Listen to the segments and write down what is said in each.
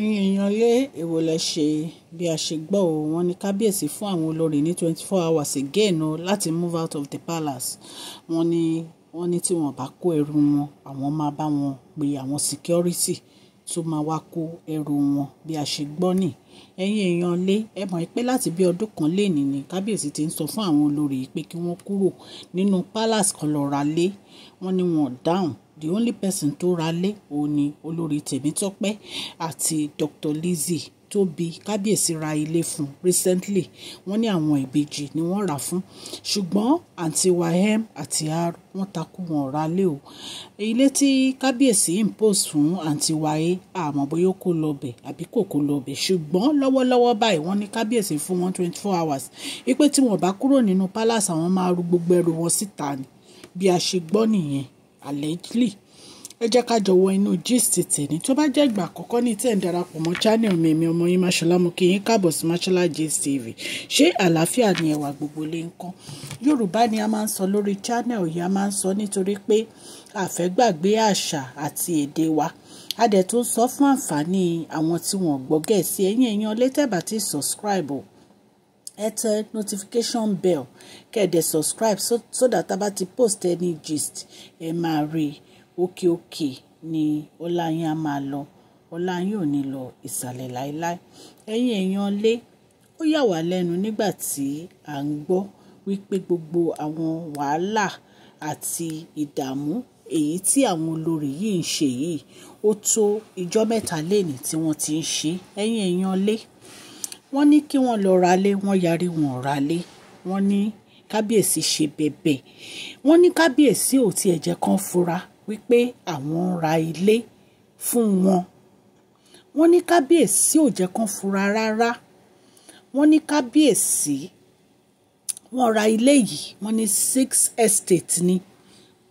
ẹ̀yin èèyàn lé èwo lẹ ṣe bí a ṣe gbọ́ ò wọ́n ní kábíyèsí fún àwọn olórí ní twenty four hours again o láti move out of the palace wọ́n ní wọ́n ní tí wọ́n bá kó ẹrù wọn àwọn máa bá wọn pe àwọn security tó máa wá kó ẹrù wọn bí a ṣe gbọ́ nì ẹ̀yin èèyàn lé ẹ mọ̀ pé láti bí ọdún kan lé nìní kábíyèsí ti ń sọ fún àwọn olórí pé kí wọ́n kúrò nínú palace kan lọ́ọ́ ra lé wọ́n ní wọn dáhùn the only person tó ra lé òun ni olórí Tèmítọ́pẹ́ àti Dr. Lizzie tó bi kábíyèsí ra ilé fún recently wọ́n ní àwọn ìbejì ni wọ́n rà fún ṣùgbọ́n àǹtí wahem àti r wọ́n takú wọn ọ̀rá lé o ilé tí kábíyèsí impose fún àǹtí wahe àmọ́ bóyá kó lọ bẹ̀ àbí kò kó lọ bẹ̀ ṣùgbọ́n lọ́wọ́lọ́wọ́ báyìí wọ́n ní kábíyèsí fún wọn twenty four hours wípé tí wọ́n bá kúrò nínú palace àwọn máa ru gbogbo ẹrù wọn síta ni bí a ṣe gbọ́ nìyẹn allegedly ẹ jẹ́ ká jọ wọ inú gist tèmi tó bá jẹ́ ìgbà àkọ́kọ́ ní tẹ̀ ń darapọ̀ mọ́ channel mi ọmọ yín Mashola mo kí yín káàbọ̀ sí Mashola Gist TV ṣé àlàáfíà ni ẹ̀wà gbogbo lè ń kán Yorùbá ni a máa ń sọ lórí channel yìí a máa ń sọ nítorí pé àfẹ́gbàgbé àṣà àti èdè wa a dẹ̀ tó sọ fún àǹfààní àwọn tí wọ́n gbọ́ Gẹ̀ẹ́sì ẹ̀yin èèyàn létẹ̀bà ti subscribe o airtel notification bell kẹ̀dẹ̀ subscribe so, so that tá ti post any gist ẹ máa rí i òkè òkè ni ọláyin á máa lọ ọláyin ò ní lọ ìsàlẹ̀ láéláé ẹ̀yin èèyàn lé ó yà wá lẹ́nu nígbà tí à ń gbọ́ wípé gbogbo àwọn wàhálà àti ìdààmú èyí tí àwọn olórí yìí ń ṣe yìí ó tó ìjọ́ mẹ́ta lénìí tí wọ́n ti ń ṣe ẹ̀yin èèyàn lé wọ́n ní kí wọ́n lọ ralé wọ́n yarí wọn ralé wọ́n ní kábíyèsí ṣe bẹ̀bẹ̀ wọ́n ní kábíyèsí ò tiẹ̀ jẹ́ kán fura wípé àwọn ń ra ilé fún wọn wọ́n ní kábíyèsí ò jẹ́ kán fura rárá wọ́n ní kábíyèsí wọ́n ra ilé yìí wọ́n ní six estate ni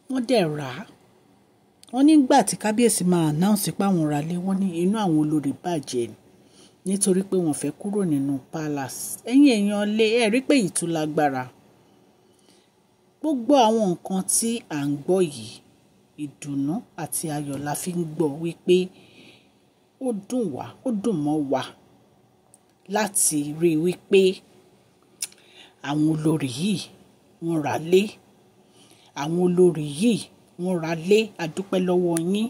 wọ́n dẹ̀ rà á wọ́n nígbà tí kábíyèsí máa announce pé àwọn ra ilé wọ́n ní inú àwọn olórí bàjẹ́ ni nítorí pé wọ́n fẹ́ kúrò nínú palace ẹ̀yin èèyàn lé ẹ rí pé ìtúlágbára gbogbo àwọn nǹkan tí à ń gbọ́ yìí ìdùnnú àti ayọ̀ la fi ń gbọ́ wípé ó dùn wá ó dùn mọ́ wa láti rí i wípé àwọn olórí yìí wọ́n ra lé àwọn olórí yìí wọ́n ra lé a dúpẹ́ yín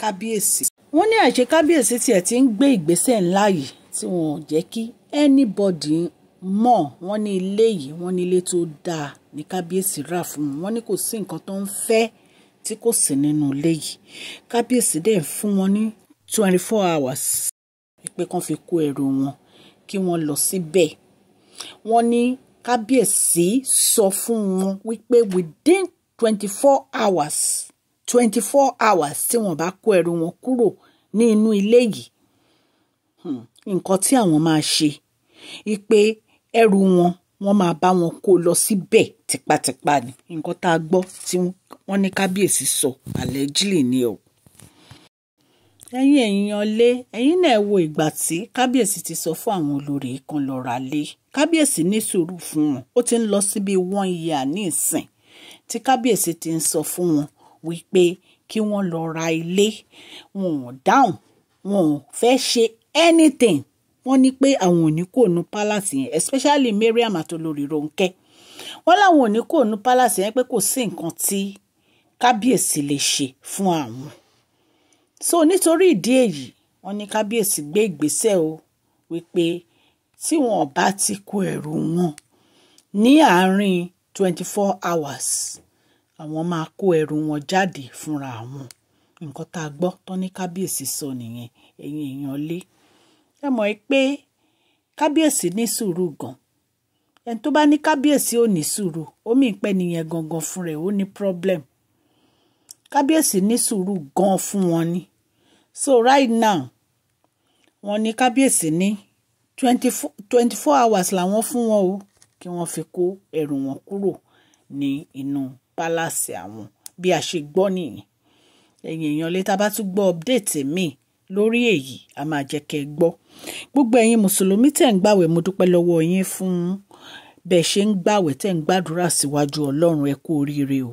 kábíyèsí wọ́n ní àìṣe kábíyèsí tiẹ̀ ti ń gbé ìgbésẹ̀ ńlá yìí tí wọ́n ò jẹ́ kí anybody mọ̀ wọ́n ní ilé yìí wọ́n ní ilé tó dáa ní kábíyèsí rà fún wọn ní kò sí nǹkan tó ń fẹ́ tí kò sí nínú ilé yìí kábíyèsí dẹ̀ fún wọn ní twenty four hours pé kán fi kó ẹrù wọn kí wọ́n lọ síbẹ̀ wọ́n ní kábíyèsí sọ fún wọn wípé within twenty four hours twenty four hours tí wọ́n bá kó ẹrù wọn kúrò ní inú ilé yìí hmm, nǹkan tí àwọn máa ṣe ipe ẹrù wọn wọ́n máa bá wọn kó lọ síbẹ̀ tipátipá ni nǹkan tá a gbọ́ tí wọ́n ní kábíyèsí sọ allegedly ni o. ẹ̀yin èèyàn lé ẹ̀yin náà wo ìgbà tí kábíyèsí ti sọ fún àwọn olórí kan lọ lé kábíyèsí ní sùúrù fún wọn ó ti ń lọ síbi one year ní ìsìn tí kábíyèsí ti ń sọ fún wọn wípé kí wọ́n lọ ra ilé wọn ò dáhùn wọn ò fẹ́ ṣe anything wọ́n ní pé àwọn ò ní kò nu palace yẹn especially Mariam àtolórí Ronke wọ́n láwọn ò ní kò nu palace yẹn pé kò sí nǹkan tí kábíyèsí lè ṣe fún àwọn so nítorí ìdí èyí wọ́n ní kábíyèsí gbé ìgbésẹ̀ o wípé tí wọn bá ti kó ẹrù wọn ní àárín twenty four hours àwọn máa kó ẹrù wọn jáde fúnra àwọn nǹkan tá a gbọ́ tó ní kábíyèsí sọ nìyẹn ẹ̀yin èèyàn lé ẹ mọ̀ pé kábíyèsí ní sùúrù gan ẹni tó bá ní kábíyèsí ò ní sùúrù omi ìpẹ́ nìyẹn gangan fún rẹ̀ ó ní problem kábíyèsí ní sùúrù gan fún wọn ni so right now wọ́n ní kábíyèsí ní twenty four hours làwọn fún wọn o kí wọ́n fi kó ẹrù wọn kúrò ní inú palace àwọn bí a ṣe gbọ́ nìyẹn ẹ̀yin èèyàn lè tá tún gbọ́ update míì lórí èyí a máa jẹ́ kẹ́ ẹ gbọ́ gbogbo ẹ̀yin mùsùlùmí tẹ̀ ń gbàwẹ̀ mo dúpẹ́ lọ́wọ́ yín fún bẹ́ẹ̀ ṣe ń gbàwẹ̀ tẹ̀ ń gbàdúrà síwájú ọlọ́run ẹ kú oríire o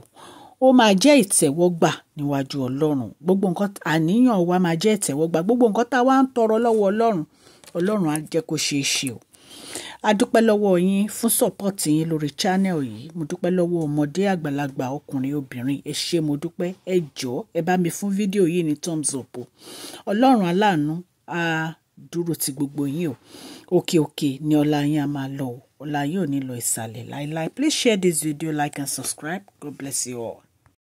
ó máa jẹ́ ìtẹ̀wọ́gbà níwájú ọlọ́run gbogbo nǹkan àníyàn wa máa jẹ́ ìtẹ̀wọ́gbà gbogbo nǹkan tá a wá ń tọrọ lọ́wọ́ ọlọ́run ọlọ́run á jẹ́ kó ṣeé ṣe o a dúpẹ́ lọ́wọ́ yín fún sọ́pọ́ọ̀tì yín lórí channel yìí mo dúpẹ́ lọ́wọ́ ọmọdé àgbàlagbà ọkùnrin obìnrin ẹ ṣé mo dúpẹ́ ẹ jọ̀ọ́ ẹ bá mi fún fídíò yìí ní thumbs up ọlọ́run aláàánú a dúró ti gbogbo yín o òkè òkè ni ọlá yín a máa lọ o ọlá yín ò ní lọ ìsàlẹ̀ láéláé please share this video like and subscribe god bless you all.